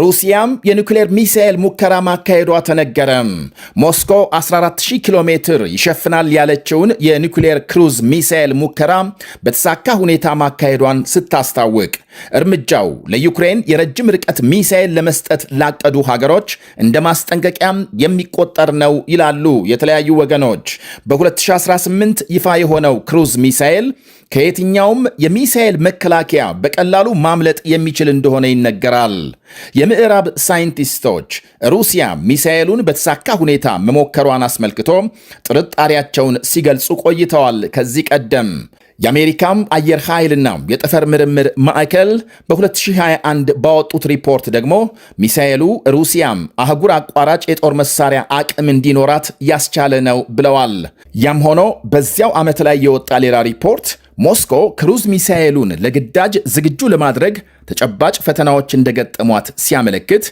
ሩሲያም የኒውክሌር ሚሳኤል ሙከራ ማካሄዷ ተነገረም። ሞስኮ 140 ኪሎ ሜትር ይሸፍናል ያለችውን የኒውክሌር ክሩዝ ሚሳኤል ሙከራ በተሳካ ሁኔታ ማካሄዷን ስታስታውቅ እርምጃው ለዩክሬን የረጅም ርቀት ሚሳኤል ለመስጠት ላቀዱ ሀገሮች እንደ ማስጠንቀቂያም የሚቆጠር ነው ይላሉ የተለያዩ ወገኖች። በ2018 ይፋ የሆነው ክሩዝ ሚሳኤል ከየትኛውም የሚሳኤል መከላከያ በቀላሉ ማምለጥ የሚችል እንደሆነ ይነገራል። የምዕራብ ሳይንቲስቶች ሩሲያ ሚሳኤሉን በተሳካ ሁኔታ መሞከሯን አስመልክቶ ጥርጣሬያቸውን ሲገልጹ ቆይተዋል። ከዚህ ቀደም የአሜሪካም አየር ኃይልና የጠፈር ምርምር ማዕከል በ2021 ባወጡት ሪፖርት ደግሞ ሚሳኤሉ ሩሲያም አህጉር አቋራጭ የጦር መሳሪያ አቅም እንዲኖራት ያስቻለ ነው ብለዋል። ያም ሆኖ በዚያው ዓመት ላይ የወጣ ሌላ ሪፖርት ሞስኮ ክሩዝ ሚሳኤሉን ለግዳጅ ዝግጁ ለማድረግ ተጨባጭ ፈተናዎች እንደገጠሟት ሲያመለክት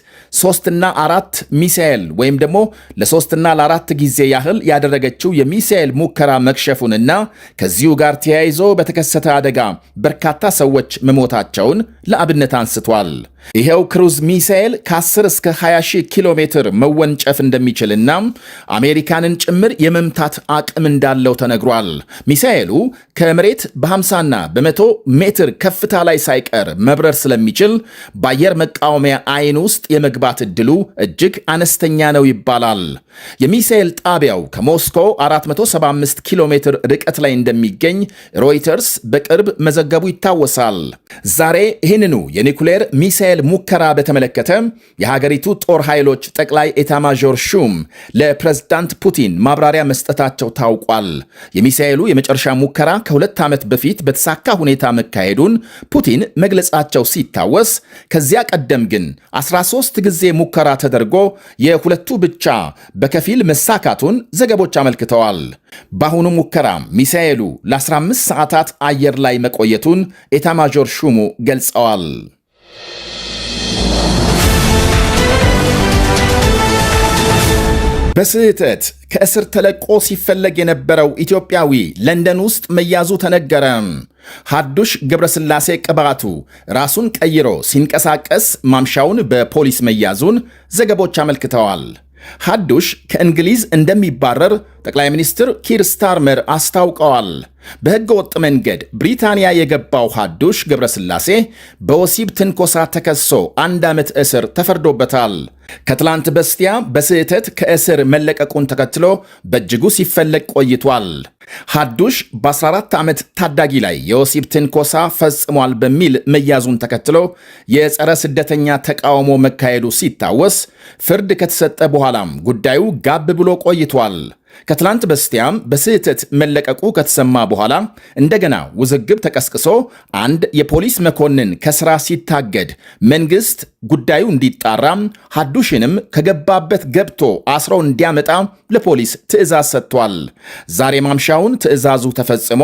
ሶስትና አራት ሚሳኤል ወይም ደግሞ ለሶስትና ለአራት ጊዜ ያህል ያደረገችው የሚሳኤል ሙከራ መክሸፉንና ከዚሁ ጋር ተያይዞ በተከሰተ አደጋ በርካታ ሰዎች መሞታቸውን ለአብነት አንስቷል። ይኸው ክሩዝ ሚሳኤል ከ10 እስከ 20 ኪሎ ሜትር መወንጨፍ እንደሚችልና አሜሪካንን ጭምር የመምታት አቅም እንዳለው ተነግሯል። ሚሳኤሉ ከመሬት በ50ና በመቶ ሜትር ከፍታ ላይ ሳይቀር መብረር ስለሚችል በአየር መቃወሚያ አይን ውስጥ የመግባት ዕድሉ እጅግ አነስተኛ ነው ይባላል። የሚሳኤል ጣቢያው ከሞስኮ 475 ኪሎ ሜትር ርቀት ላይ እንደሚገኝ ሮይተርስ በቅርብ መዘገቡ ይታወሳል። ዛሬ ይህንኑ የኒኩሌር ሚሳኤል ሙከራ በተመለከተ የሀገሪቱ ጦር ኃይሎች ጠቅላይ ኤታማዦር ሹም ለፕሬዝዳንት ፑቲን ማብራሪያ መስጠታቸው ታውቋል። የሚሳኤሉ የመጨረሻ ሙከራ ከሁለት ዓመት በፊት በተሳካ ሁኔታ መካሄዱን ፑቲን መግለጻቸው ሲታወስ ከዚያ ቀደም ግን 13 ጊዜ ሙከራ ተደርጎ የሁለቱ ብቻ በከፊል መሳካቱን ዘገቦች አመልክተዋል። በአሁኑ ሙከራ ሚሳኤሉ ለ15 ሰዓታት አየር ላይ መቆየቱን ኤታማዦር ሹሙ ገልጸዋል። በስህተት ከእስር ተለቆ ሲፈለግ የነበረው ኢትዮጵያዊ ለንደን ውስጥ መያዙ ተነገረ። ሐዱሽ ገብረስላሴ ቅባቱ ራሱን ቀይሮ ሲንቀሳቀስ ማምሻውን በፖሊስ መያዙን ዘገቦች አመልክተዋል። ሐዱሽ ከእንግሊዝ እንደሚባረር ጠቅላይ ሚኒስትር ኪር ስታርመር አስታውቀዋል። በሕገ ወጥ መንገድ ብሪታንያ የገባው ሐዱሽ ገብረስላሴ በወሲብ ትንኮሳ ተከሶ አንድ ዓመት እስር ተፈርዶበታል። ከትላንት በስቲያ በስህተት ከእስር መለቀቁን ተከትሎ በእጅጉ ሲፈለግ ቆይቷል። ሐዱሽ በ14 ዓመት ታዳጊ ላይ የወሲብ ትንኮሳ ፈጽሟል በሚል መያዙን ተከትሎ የጸረ ስደተኛ ተቃውሞ መካሄዱ ሲታወስ ፍርድ ከተሰጠ በኋላም ጉዳዩ ጋብ ብሎ ቆይቷል። ከትላንት በስቲያም በስህተት መለቀቁ ከተሰማ በኋላ እንደገና ውዝግብ ተቀስቅሶ አንድ የፖሊስ መኮንን ከስራ ሲታገድ መንግስት ጉዳዩ እንዲጣራ ሐዱሽንም ከገባበት ገብቶ አስረው እንዲያመጣ ለፖሊስ ትዕዛዝ ሰጥቷል። ዛሬ ማምሻውን ትዕዛዙ ተፈጽሞ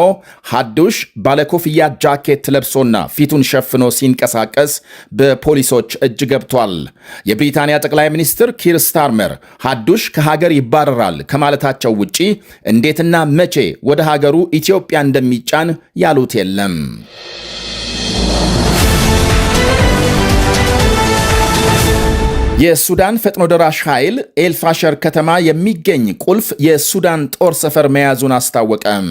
ሐዱሽ ባለኮፍያ ጃኬት ለብሶና ፊቱን ሸፍኖ ሲንቀሳቀስ በፖሊሶች እጅ ገብቷል። የብሪታንያ ጠቅላይ ሚኒስትር ኪር ስታርመር ሐዱሽ ከሀገር ይባረራል ከማለታቸው ውጪ እንዴትና መቼ ወደ ሀገሩ ኢትዮጵያ እንደሚጫን ያሉት የለም። የሱዳን ፈጥኖ ደራሽ ኃይል ኤልፋሸር ከተማ የሚገኝ ቁልፍ የሱዳን ጦር ሰፈር መያዙን አስታወቀም።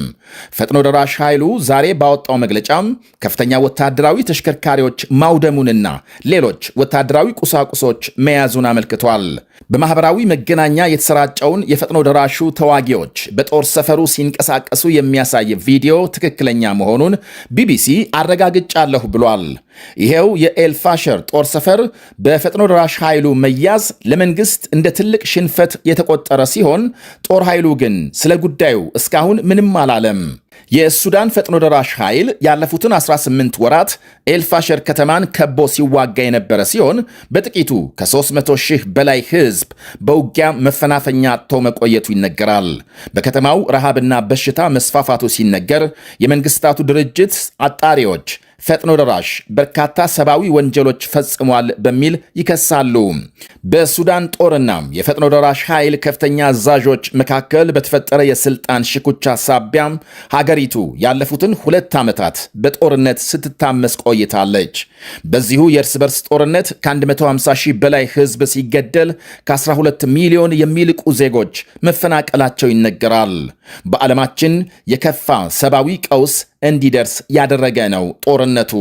ፈጥኖ ደራሽ ኃይሉ ዛሬ ባወጣው መግለጫም ከፍተኛ ወታደራዊ ተሽከርካሪዎች ማውደሙንና ሌሎች ወታደራዊ ቁሳቁሶች መያዙን አመልክቷል። በማኅበራዊ መገናኛ የተሰራጨውን የፈጥኖ ደራሹ ተዋጊዎች በጦር ሰፈሩ ሲንቀሳቀሱ የሚያሳይ ቪዲዮ ትክክለኛ መሆኑን ቢቢሲ አረጋግጫለሁ ብሏል። ይሄው የኤልፋሸር ጦር ሰፈር በፈጥኖ ደራሽ ኃይሉ መያዝ ለመንግስት እንደ ትልቅ ሽንፈት የተቆጠረ ሲሆን ጦር ኃይሉ ግን ስለ ጉዳዩ እስካሁን ምንም አላለም። የሱዳን ፈጥኖ ደራሽ ኃይል ያለፉትን 18 ወራት ኤልፋሸር ከተማን ከቦ ሲዋጋ የነበረ ሲሆን በጥቂቱ ከ300 ሺህ በላይ ሕዝብ በውጊያ መፈናፈኛ አጥቶ መቆየቱ ይነገራል። በከተማው ረሃብና በሽታ መስፋፋቱ ሲነገር የመንግስታቱ ድርጅት አጣሪዎች ፈጥኖ ደራሽ በርካታ ሰብአዊ ወንጀሎች ፈጽሟል በሚል ይከሳሉ። በሱዳን ጦርና የፈጥኖ ደራሽ ኃይል ከፍተኛ አዛዦች መካከል በተፈጠረ የስልጣን ሽኩቻ ሳቢያ ሀገሪቱ ያለፉትን ሁለት ዓመታት በጦርነት ስትታመስ ቆይታለች። በዚሁ የእርስ በርስ ጦርነት ከ150 ሺህ በላይ ህዝብ ሲገደል ከ12 ሚሊዮን የሚልቁ ዜጎች መፈናቀላቸው ይነገራል። በዓለማችን የከፋ ሰብአዊ ቀውስ እንዲደርስ ያደረገ ነው ጦርነቱ።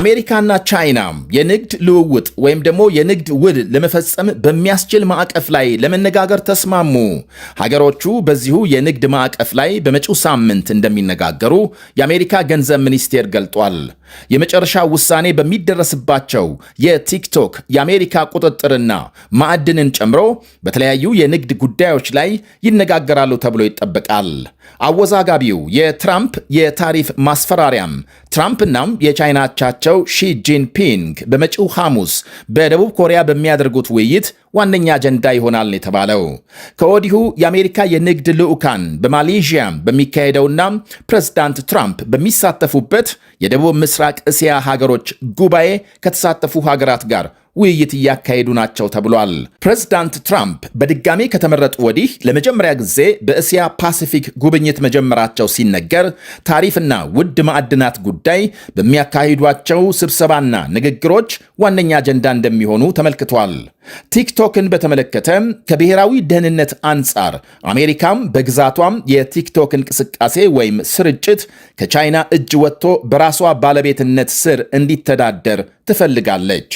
አሜሪካና ቻይና የንግድ ልውውጥ ወይም ደግሞ የንግድ ውል ለመፈጸም በሚያስችል ማዕቀፍ ላይ ለመነጋገር ተስማሙ። ሀገሮቹ በዚሁ የንግድ ማዕቀፍ ላይ በመጪው ሳምንት እንደሚነጋገሩ የአሜሪካ ገንዘብ ሚኒስቴር ገልጧል። የመጨረሻ ውሳኔ በሚደረስባቸው የቲክቶክ የአሜሪካ ቁጥጥርና ማዕድንን ጨምሮ በተለያዩ የንግድ ጉዳዮች ላይ ይነጋገራሉ ተብሎ ይጠበቃል። አወዛጋቢው የትራምፕ የታሪፍ ማስፈራሪያም ትራምፕናም የቻይና አቻቸው ሺ ጂንፒንግ በመጪው ሐሙስ በደቡብ ኮሪያ በሚያደርጉት ውይይት ዋነኛ አጀንዳ ይሆናል የተባለው ከወዲሁ የአሜሪካ የንግድ ልዑካን በማሌዥያም በሚካሄደውና ፕሬዝዳንት ትራምፕ በሚሳተፉበት የደቡብ ምስራቅ እስያ ሀገሮች ጉባኤ ከተሳተፉ ሀገራት ጋር ውይይት እያካሄዱ ናቸው ተብሏል። ፕሬዝዳንት ትራምፕ በድጋሜ ከተመረጡ ወዲህ ለመጀመሪያ ጊዜ በእስያ ፓሲፊክ ጉብኝት መጀመራቸው ሲነገር ታሪፍና ውድ ማዕድናት ጉዳይ በሚያካሂዷቸው ስብሰባና ንግግሮች ዋነኛ አጀንዳ እንደሚሆኑ ተመልክቷል። ቲክቶክን በተመለከተ ከብሔራዊ ደህንነት አንጻር አሜሪካም በግዛቷም የቲክቶክ እንቅስቃሴ ወይም ስርጭት ከቻይና እጅ ወጥቶ በራሷ ባለቤትነት ስር እንዲተዳደር ትፈልጋለች።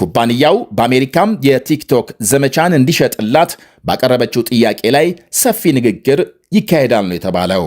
ኩባንያው በአሜሪካም የቲክቶክ ዘመቻን እንዲሸጥላት ባቀረበችው ጥያቄ ላይ ሰፊ ንግግር ይካሄዳል ነው የተባለው።